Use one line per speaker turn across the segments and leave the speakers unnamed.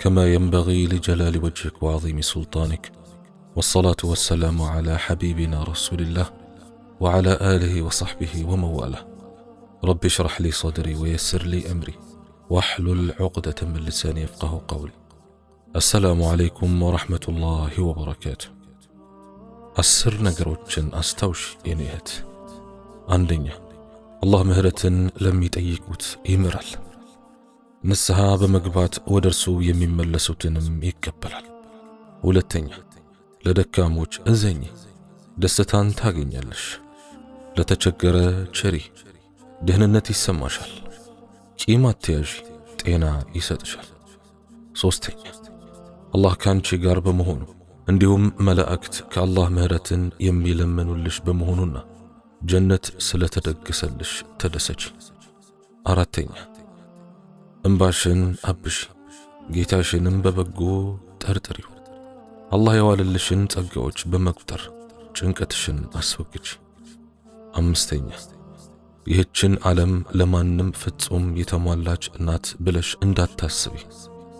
كما ينبغي لجلال وجهك وعظيم سلطانك والصلاة والسلام على حبيبنا رسول الله وعلى آله وصحبه ومن والاه رب اشرح لي صدري ويسر لي أمري واحلل عقدة من لساني يفقه قولي السلام عليكم ورحمة الله وبركاته
አስር ነገሮችን አስታውሽ የኔ እህት አንደኛ አላህ لم ለሚጠይቁት ይምራል ንስሐ በመግባት ወደ እርሱ የሚመለሱትንም ይቀበላል። ሁለተኛ ለደካሞች እዘኝ፣ ደስታን ታገኛለሽ። ለተቸገረ ቸሪ፣ ደህንነት ይሰማሻል። ቂም አትያዥ ጤና ይሰጥሻል። ሦስተኛ አላህ ከአንቺ ጋር በመሆኑ እንዲሁም መላእክት ከአላህ ምሕረትን የሚለምኑልሽ በመሆኑና ጀነት ስለተደገሰልሽ ተደሰች። አራተኛ እምባሽን አብሽ ጌታሽንም በበጎ ጠርጥሪው። አላህ የዋለልሽን ጸጋዎች በመቁጠር ጭንቀትሽን አስወግጅ። አምስተኛ ይህችን ዓለም ለማንም ፍጹም የተሟላች እናት ብለሽ እንዳታስቢ።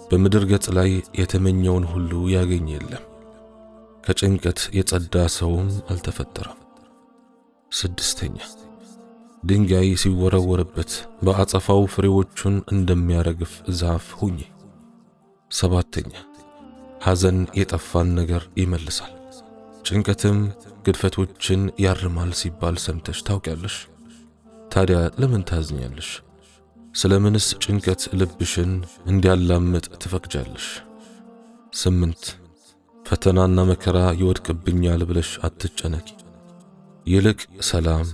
በምድር ገጽ ላይ የተመኘውን ሁሉ ያገኝ የለም። ከጭንቀት የጸዳ ሰውም አልተፈጠረም። ስድስተኛ ድንጋይ ሲወረወርበት በአጸፋው ፍሬዎቹን እንደሚያረግፍ ዛፍ ሁኚ። ሰባተኛ ሐዘን የጠፋን ነገር ይመልሳል፣ ጭንቀትም ግድፈቶችን ያርማል ሲባል ሰምተሽ ታውቂያለሽ? ታዲያ ለምን ታዝኛለሽ? ስለምንስ ጭንቀት ልብሽን እንዲያላምጥ ትፈቅጃለሽ? ስምንት ፈተናና መከራ ይወድቅብኛል ብለሽ አትጨነቂ፣ ይልቅ ሰላም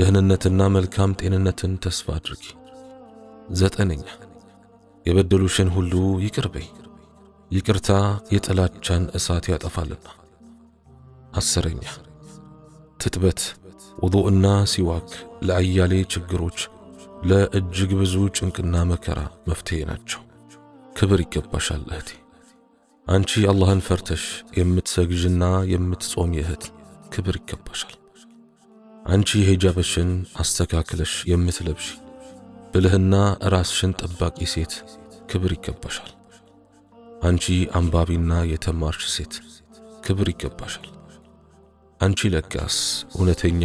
ደህንነትና መልካም ጤንነትን ተስፋ አድርጊ። ዘጠነኛ የበደሉሽን ሁሉ ይቅር በይ፣ ይቅርታ የጥላቻን እሳት ያጠፋልና። አስረኛ ትጥበት፣ ውዱእና ሲዋክ ለአያሌ ችግሮች፣ ለእጅግ ብዙ ጭንቅና መከራ መፍትሄ ናቸው። ክብር ይገባሻል እህቴ። አንቺ አላህን ፈርተሽ የምትሰግዥና የምትጾም እህት ክብር ይገባሻል። አንቺ ሂጃብሽን አስተካክለሽ የምትለብሽ ብልህና ራስሽን ጠባቂ ሴት ክብር ይገባሻል። አንቺ አንባቢና የተማርሽ ሴት ክብር ይገባሻል። አንቺ ለጋስ፣ እውነተኛ፣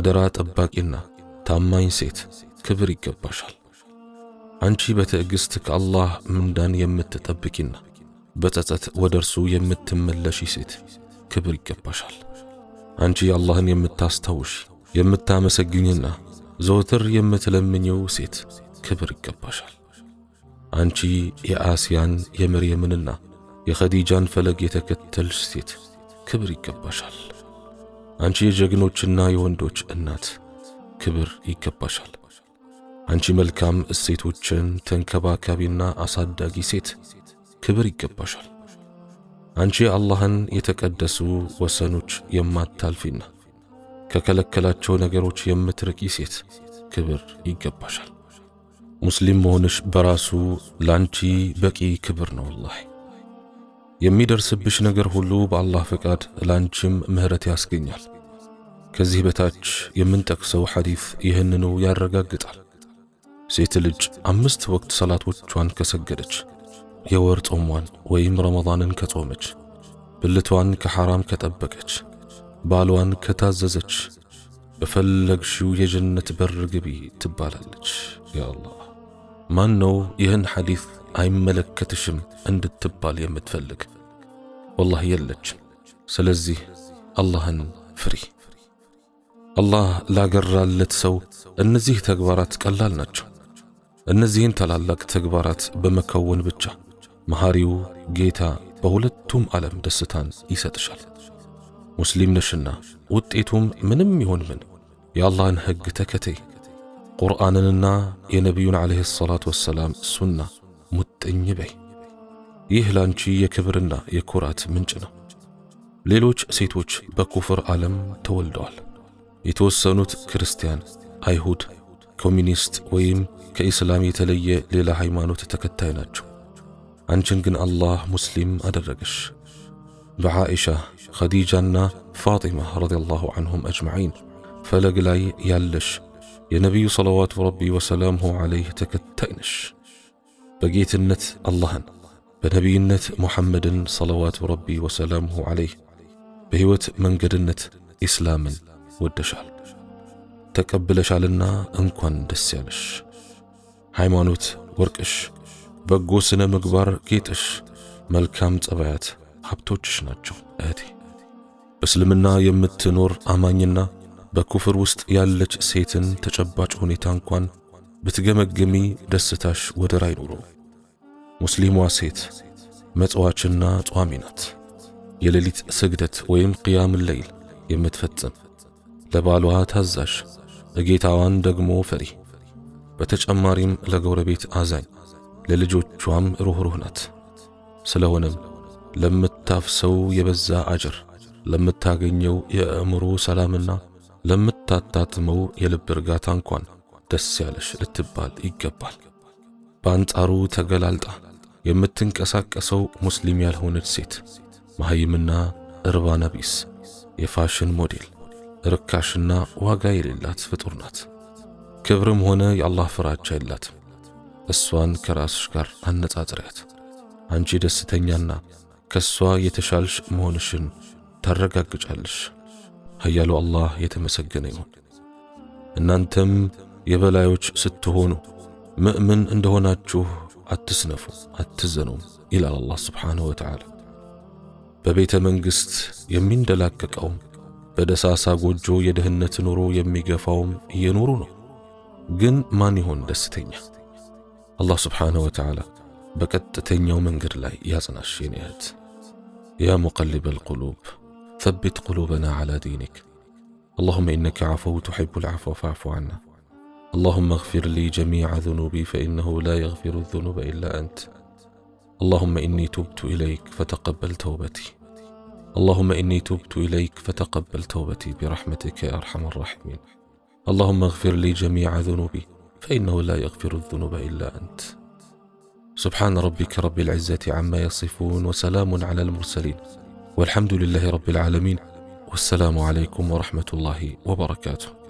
አደራ ጠባቂና ታማኝ ሴት ክብር ይገባሻል። አንቺ በትዕግሥት ከአላህ ምንዳን የምትጠብቂና በጸጸት ወደ እርሱ የምትመለሺ ሴት ክብር ይገባሻል። አንቺ አላህን የምታስታውሽ የምታመሰግኝና ዘወትር የምትለምኘው ሴት ክብር ይገባሻል። አንቺ የአስያን የመርየምንና የኸዲጃን ፈለግ የተከተልሽ ሴት ክብር ይገባሻል። አንቺ የጀግኖችና የወንዶች እናት ክብር ይገባሻል። አንቺ መልካም እሴቶችን ተንከባካቢና አሳዳጊ ሴት ክብር ይገባሻል። አንቺ አላህን የተቀደሱ ወሰኖች የማታልፊና ከከለከላቸው ነገሮች የምትርቂ ሴት ክብር ይገባሻል። ሙስሊም መሆንሽ በራሱ ላንቺ በቂ ክብር ነው። አላህ የሚደርስብሽ ነገር ሁሉ በአላህ ፈቃድ ላንቺም ምህረት ያስገኛል። ከዚህ በታች የምንጠቅሰው ሐዲፍ ይህንኑ ያረጋግጣል። ሴት ልጅ አምስት ወቅት ሰላቶቿን ከሰገደች የወር ጾሟን ወይም ረመዳንን ከጾመች፣ ብልቷን ከሐራም ከጠበቀች፣ ባሏን ከታዘዘች በፈለግሽው የጀነት በር ግቢ ትባላለች። ያአላህ ማን ነው ይህን ሐዲስ አይመለከትሽም እንድትባል የምትፈልግ? ወላህ የለችም። ስለዚህ አላህን ፍሪ። አላህ ላገራለት ሰው እነዚህ ተግባራት ቀላል ናቸው። እነዚህን ታላላቅ ተግባራት በመከወን ብቻ መሐሪው ጌታ በሁለቱም ዓለም ደስታን ይሰጥሻል። ሙስሊም ነሽና ውጤቱም ምንም ይሆን ምን የአላህን ሕግ ተከተይ። ቁርአንንና የነቢዩን ዓለይሂ ሰላቱ ወሰላም ሱና ሙጥኝ በይ። ይህ ላንቺ የክብርና የኩራት ምንጭ ነው። ሌሎች ሴቶች በኩፍር ዓለም ተወልደዋል። የተወሰኑት ክርስቲያን፣ አይሁድ፣ ኮሚኒስት ወይም ከኢስላም የተለየ ሌላ ሃይማኖት ተከታይ ናቸው። anchen الله مسلم muslim بعائشة خديجة فاطمة رضي الله عنهم أجمعين فلقلي يلش يا نبي صلوات ربي وسلامه عليه تكتينش بقيت النت اللهن بنبي النت محمد صلوات ربي وسلامه عليه بهوت من قد النت إسلام والدشال تقبلش علينا انكون دسيالش هايمانوت وركش በጎ ስነ ምግባር ጌጥሽ፣ መልካም ጸባያት ሀብቶችሽ ናቸው። እህቴ በእስልምና የምትኖር አማኝና በኩፍር ውስጥ ያለች ሴትን ተጨባጭ ሁኔታ እንኳን ብትገመግሚ ደስታሽ ወደር አይኖረው። ሙስሊሟ ሴት መጽዋችና ጿሚ ናት። የሌሊት ስግደት ወይም ቅያም ለይል የምትፈጽም ለባሏ ታዛዥ፣ እጌታዋን ደግሞ ፈሪ፣ በተጨማሪም ለጎረቤት አዛኝ ለልጆቿም ሩኅሩህ ናት። ስለሆነም ለምታፍሰው የበዛ አጅር፣ ለምታገኘው የአእምሮ ሰላምና ለምታታትመው የልብ እርጋታ እንኳን ደስ ያለሽ ልትባል ይገባል። በአንጻሩ ተገላልጣ የምትንቀሳቀሰው ሙስሊም ያልሆነች ሴት መሐይምና እርባና ቢስ የፋሽን ሞዴል ርካሽና ዋጋ የሌላት ፍጡር ናት። ክብርም ሆነ የአላህ ፍራቻ የላትም። እሷን ከራስሽ ጋር አነጻጽሪያት። አንቺ ደስተኛና ከእሷ የተሻልሽ መሆንሽን ታረጋግጫለሽ። ኃያሉ አላህ የተመሰገነ ይሁን። እናንተም የበላዮች ስትሆኑ ምእምን እንደሆናችሁ አትስነፉ፣ አትዘኑም ይላል አላህ ስብሓንሁ ወተዓላ። በቤተ መንግሥት የሚንደላቀቀውም በደሳሳ ጎጆ የድህነት ኑሮ የሚገፋውም እየኖሩ ነው። ግን ማን ይሆን ደስተኛ? الله سبحانه وتعالى በቀጥተኛው መንገድ قرلي يا እህት። يا مقلب القلوب ثبت قلوبنا على دينك اللهم إنك عفو تحب العفو فاعف عنا اللهم اغفر لي جميع ذنوبي فإنه لا يغفر الذنوب إلا أنت اللهم إني تبت إليك فتقبل توبتي اللهم إني تبت إليك فتقبل توبتي برحمتك يا أرحم الراحمين اللهم اغفر لي جميع ذنوبي فانه لا يغفر الذنوب الا انت سبحان ربك رب العزه عما يصفون وسلام على المرسلين والحمد لله رب العالمين والسلام عليكم ورحمه الله وبركاته